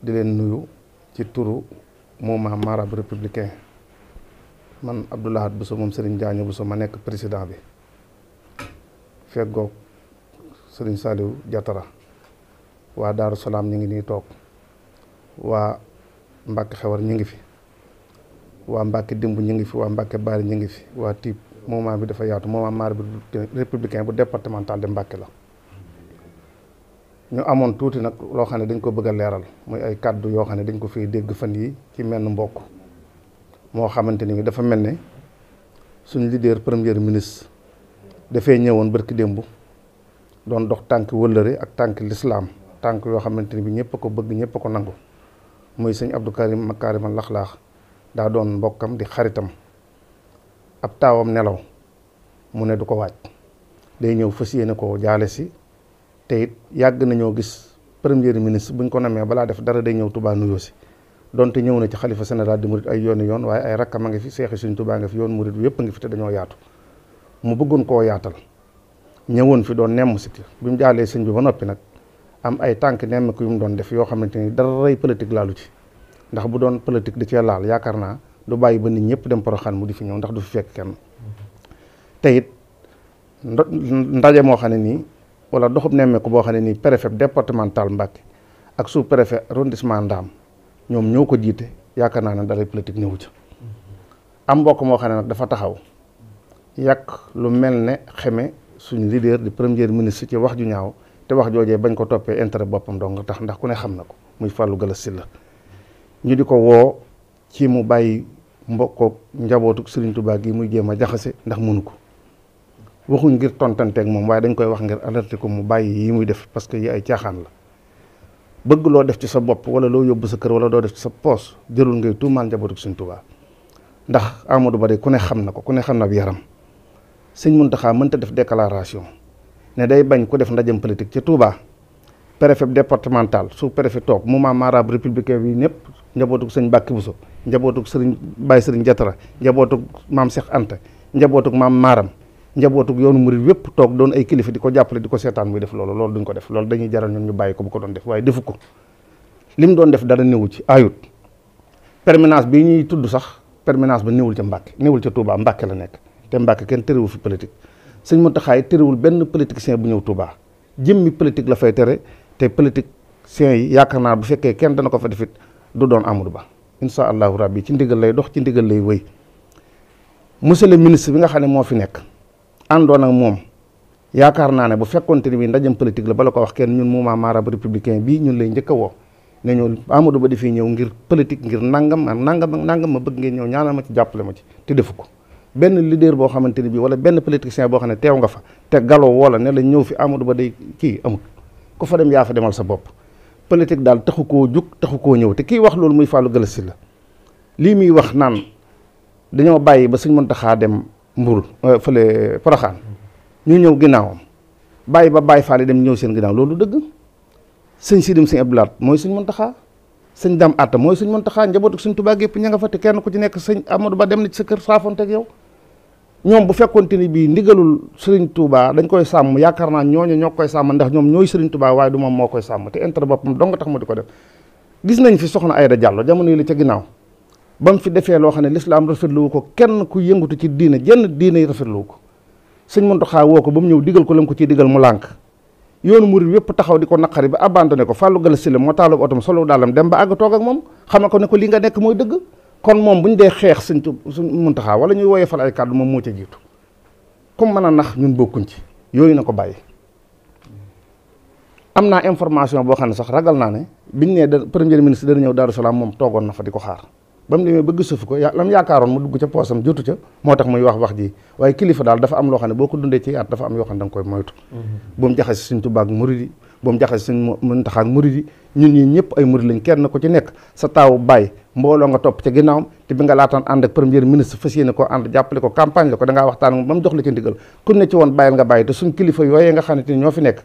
di leen nuyu ci turu mouvement marabout républicain man Abdou Lahad Bousso moom Serigne bu Bousso ma nekk président bi feggoog Serigne Saliou Diatara waa Daaru Salaam ñu ngi nii toog waa Mbàkke Xewar ñu ngi fi waa Mbàkke Dimb ñu ngi fi waa Mbàkke Bari ñu ngi fi waa Tiib mouvement bi dafa yaatu mouvement marabout républicain bu départemental de Mbàkke la ñu amoon tuuti nag loo xam ne dañ ko bëgg a leeral muy ay kàddu yoo xam ne dañ ko fiy dégg fan yi ci menn mbokk moo xamante ni dafa mel ne suñ leader premier ministre dafay ñëwoon barki démb doon dox tànk wëllëre ak tànk lislaam tànk yoo xamante ni bi ñëpp a ko bëgg ñëpp ko nangu muy sëñ Abdou Karim Makarima lax-laax daa doon mbokkam di xaritam ab taawam nelaw mu ne du ko waaj day ñëw fas yéene ko jaale si te it yàgg nañoo gis premier ministre buñ ko namee balaa def dara day ñëw tubaa nuyoo si donte ñëw na ci xalifa général di murit ay yooni yoon waaye ay rakkam a ngi fi seexi suñ tubaa nga fi yoon murit yëpp a ngi fi te dañoo yaatu mu bëggoon koo yaatal ñëwoon fi doon nemm si bi mu jaalee sëñ bi ba noppi nag am ay tànk nemm ko yu mu doon def yoo xamante ni dara rey politique laalu ci ndax bu doon politique di cee laal yaakaar naa du bàyyi ba nit ñëpp dem poroxaan mu di fi ñëw ndax du fi fekk kenn it ndaje moo xam ne nii wala nemmee ko boo xam ne nii préfet départemental Mbacké ak sous préfet arrondissement Ndaam ñoom ñëw ko jiite yaakaar naa ne dalay politique ñëwu ca am mbokk moo xam ne nag dafa taxaw yàq lu mel ne xeme suñu leader di premier ministre ci wax ju ñaaw te wax joojee bañ ko toppee intérêt boppam dong nga tax ndax ku ne xam na ko muy Fallou Galass Sylla ñu di ko woo ci mu bàyyi mbokk njabootu Serigne Touba gi muy jéem a jaxase ndax mënu ko waxuñ ngir tontanteeg moom waaye dañ koy wax ngir alerter ko mu bàyyi yi muy def parce que yi ay caaxaan la bëgg loo def ci sa bopp wala loo yóbbu sa kër wala doo def ci sa poos jërul ngay tuumaal njabootu Sëñ Tuubaa ndax Amadou Ba de ku ne xam na ko ku ne xam na bu yaram Sëñ Muntaxa mënta def déclaration ne day bañ ku def ndajem politique ci Touba préfet départemental su préfet toog mouvement marabout républicain bi ñëpp njabootuk sëñ Bàkki Buso njabootuk sëriñ Baye sëriñ Jatara njabootuk maam Cheikh Anta njabootuk maam Maaram njabootuk yoonu murit wépp toog doon ay kilifa di ko jàppale di ko seetaan muy def loolu loolu duñ ko def loolu dañuy jaral ñun ñu bàyyi ko bu ko doon def waaye defu ko lim doon def dara néewu ci ayut permanence bi ñuy tudd sax permanence ba néewul ca Mbàkke néewul ca Touba Mbàkke la nekk te Mbàkke kenn tëréwu fi politique sëñ Mountakha yi tëréwul benn politicien bu ñëw Touba jëmmi politique la fay tere te politicien yi yaakaar naa bu fekkee kenn dana ko fa defit du doon Amadou Ba incha allahu rabbi ci ndigal lay dox ci ndigal lay wéy monsieur le ministre bi nga xam ne moo fi nekk àndoon ak moom yaakaar naa ne bu fekkoonte ni bi ndajam politique la bala ko wax kenn ñun mouvement maraab républicain bii ñun lay njëkk a woo ne ñu Amadou Ba dafay ñëw ngir politique ngir nangam ak nangam nangam ma bëgg ngeen ñëw ñaanal ma ci jàppale ma ci te defu ko benn leader boo xamante ni bii wala benn politicien boo xam ne teew nga fa te galoo woola ne la ñëw fi Amadou Ba day kii amul ku fa dem yaa fa demal sa bopp politique daal taxu koo jug taxu koo ñëw te kii wax loolu muy Fallou Galass la lii muy wax naan dañoo bàyyi ba Sëñ Mountakha dem mbul euh, fële poroxaan ñu ñëw ginnaawam bàyyi ba bàyyi faale dem ñëw seen ginnaaw loolu dëgg sëñ si dem sëñ Abdou Lahat mooy suñ Muntaxa sëñ Dame Atta mooy suñ Muntaxa njabootu suñ Tuubaa gépp ña nga fa te kenn ku ci nekk sëñ Amadou Ba dem na ci sa kër saafonte ñoom bu fekkonte ni bii ndigalul sëriñ Touba dañ koy sàmm yaakaar naa ñooñu ñoo koy sàmm ndax ñoom ñooy sëriñ Touba waaye du moom moo koy sàmm te intérêt boppam dong tax mu di ko de gis fi soxna Ayda Diallo jamono yi la ca ginnaaw ba mu fi defee loo xam ne lislaam rafetlu ko kenn ku yëngatu ci diine jën diine yi rafetlu ko sëñ Muntaxa woo ko ba mu ñëw digal ko la mu ko ciy digal mu lànk yoonu murid yëpp taxaw di ko naqari ba abandonné ko Fallou Galass Syll moo taalub otom solo daalam dem ba àgg toog ak moom xamal ko ne ko li nga nekk mooy dëgg kon moom bu ñu dee xeex sëñ sëñ Muntaxa wala ñuy wooyee fal ay kàddu moom moo ca jiitu comme mën a nax ñun bokkuñ ci yooyu na ko bàyyi am naa information boo xam ne sax ragal naa ne biñ nee da premier ministre dana ñëw Daaru Salaam moom toogoon na fa di ko xaar ba mu demee bëgg suuf ko lam yaakaaroon mu dugg ca poosam jotu ca moo tax muy wax wax ji waaye kilifa daal dafa am loo xam ne boo ko dundee ci at dafa am yoo xam ne da mm-hmm. sa taawu baay mbooloo nga topp ca ginnaawam te bi nga la ko da ngaa waxtaan moom ba mu jox la ci ndigal kun ne ci woon bàyyil nga bàyyi te suñ kilifa yooyee nga xam ne ñoo fi nekk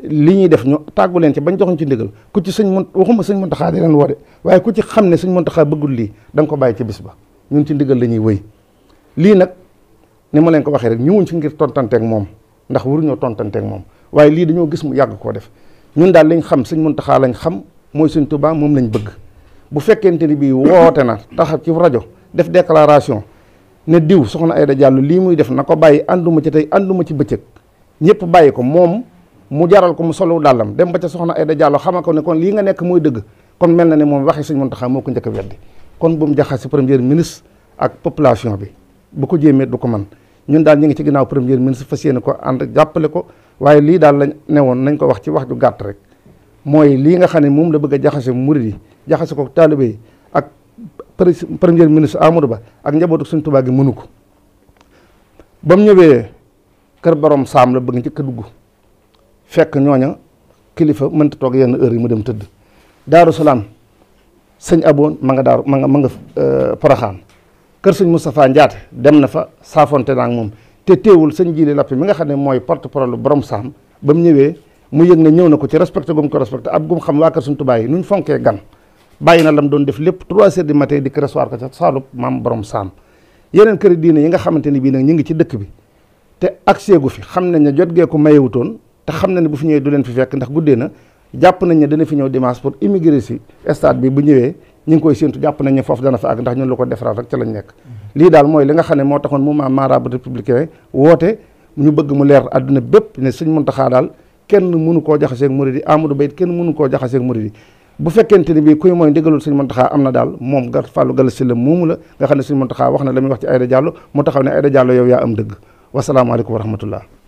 li ñuy def ñu tàggu leen ci bañ joxuñ ci ndigal ku ci sëñ mun waxuma sëñ taxaa di leen woode waaye ku ci xam ne suñ sëñ Muntaxaa bëggul lii da nga ko bàyyi ci bis ba ñun ci ndigal la ñuy wëy lii nag ni ma leen ko waxee rek ñëwuñ ci ngir tontanteek moom ndax waruñoo tontanteek moom waaye lii dañoo gis mu yàgg koo def ñun daal lañ xam sëñ Muntaxaa lañ xam mooy sëñ Tuubaa moom lañ bëgg bu fekkente ni bii woote na tax ci rajo def déclaration ne diw soxna Aida Diallo lii muy def na ko bàyyi ànduma ci tey ànduma ci bëccëg ñëpp bàyyi ko moom mu jaral ko mu solu dàllam dem ba ca soxna Aida Diallo xamal ko ne kon lii nga nekk mooy dëgg kon mel na ne moom waxi Sëñ Muntaxa moo ko njëkk a weddi kon bu mu jaxase premier ministre ak population bi bu ko jéemee du ko man ñun daal ñu ngi ci ginnaaw premier ministre fa yéene ko ànd jàppale ko waaye lii daal lañ newoon nañ ko wax ci wax ju gàtt rek mooy lii nga xam ne moom la bëgg a jaxase murid yi jaxase ko taalibe yi ak premier ministre Amadou Ba ak njabootu Sëñ Tuubaa gi mënu ko ba mu ñëwee kër borom saam la bëgg njëkk dugg fekk ñooña kilifa mënta toog yenn heure yi mu dem tëdd daaru salaam sëñ aboon ma nga daaru ma nga ma nga euh, poroxaan kër sëñ Moustapha Njaate dem na fa saafonte naa moom te teewul sëñ Jili Lappe mi nga xam ne mooy porte parole borom saam ba mu ñëwee mu yëg ne ñëw na ko ci respecté gum ko respecté ab gum xam waa kër suñ tubaay yi nu ñu fonkee gan bàyyi na lam doon def lépp trois heures du matin di recevoir ko ca saalub maam borom saam yeneen këri diine yi nga xamante ni bii nag ñu ngi ci dëkk bi te accès fi xam nañ ne jot gee ko mayewutoon te xam na ne bu fi ñëwee du leen fi fekk ndax guddee na jàpp nañ ne dana fi ñëw dimanche pour immigré stade bi bu ñëwee ñu ngi koy séntu jàpp nañ ne foofu dana fa àgg ndax ñun lu ko defaraat rek ca lañ nekk mhm. lii daal mooy li nga xam ne moo taxoon mouvement marabout républicain woote ñu bëgg mu leer àdduna bépp ne Sëñ Muntaxa daal kenn mënu koo jaxaseeg murid yi Amadou Bayit kenn mënu koo jaxaseeg murid yi bu fekkente ni bii kuy mooy ndigalul Sëñ Muntaxa am na moom gar fàllu gala si la moomu la wax na la wax ci Aïda ne Aïda Diallo yow yaa am dëgg wasalaamaaleykum wa rahmatullah